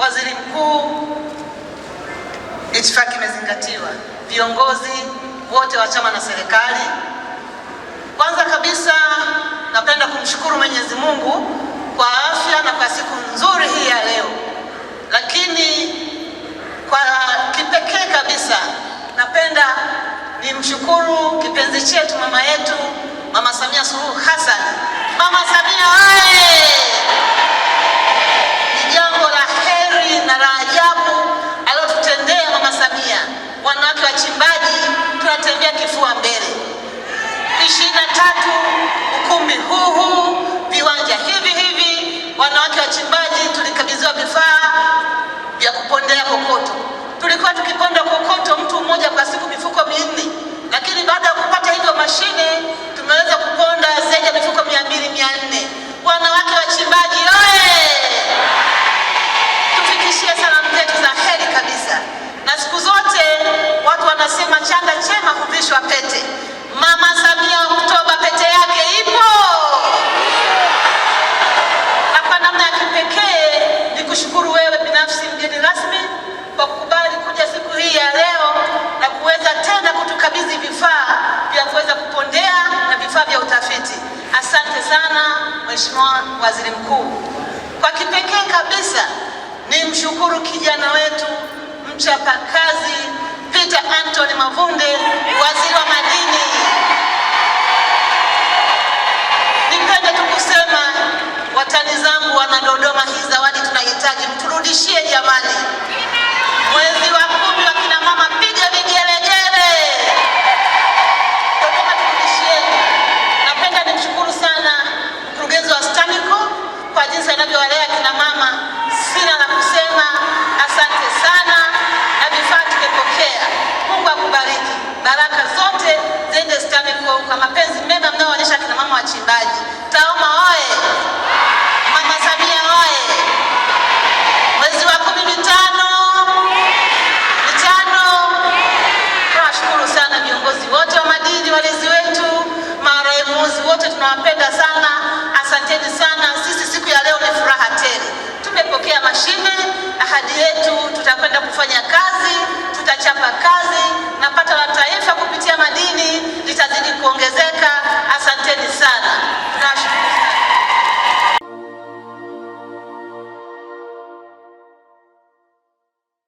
waziri mkuu, itifaki imezingatiwa, viongozi wote wa chama na serikali. Kwanza kabisa napenda kumshukuru Mwenyezi Mungu kwa afya na kwa siku nzuri hii ya leo, lakini kwa kipekee kabisa napenda nimshukuru kipenzi chetu mama yetu Mama Samia Suluhu Hassan tatu, ukumbi huu huu, viwanja hivi hivi. Wanawake wachimbaji tulikabidhiwa vifaa vya kupondea kokoto. Tulikuwa tukiponda kokoto mtu mmoja kwa siku mifuko minne, lakini baada ya kupata hizo mashine tumeweza kuponda zaidi ya mifuko mia mbili mia nne. Wanawake wachimbaji oye! Tufikishie salamu zetu za heri kabisa, na siku zote watu wanasema changa chema huvishwa pete. Mama Mheshimiwa Waziri Mkuu, kwa kipekee kabisa ni mshukuru kijana wetu mchapakazi Peter Anthony Mavunde, waziri wa madini. Nipende tu kusema watani zangu wana Dodoma, hii zawadi tunahitaji mturudishie jamani. wote tunawapenda sana, asanteni sana. Sisi siku ya leo ni furaha tele, tumepokea mashine, ahadi yetu tutakwenda kufanya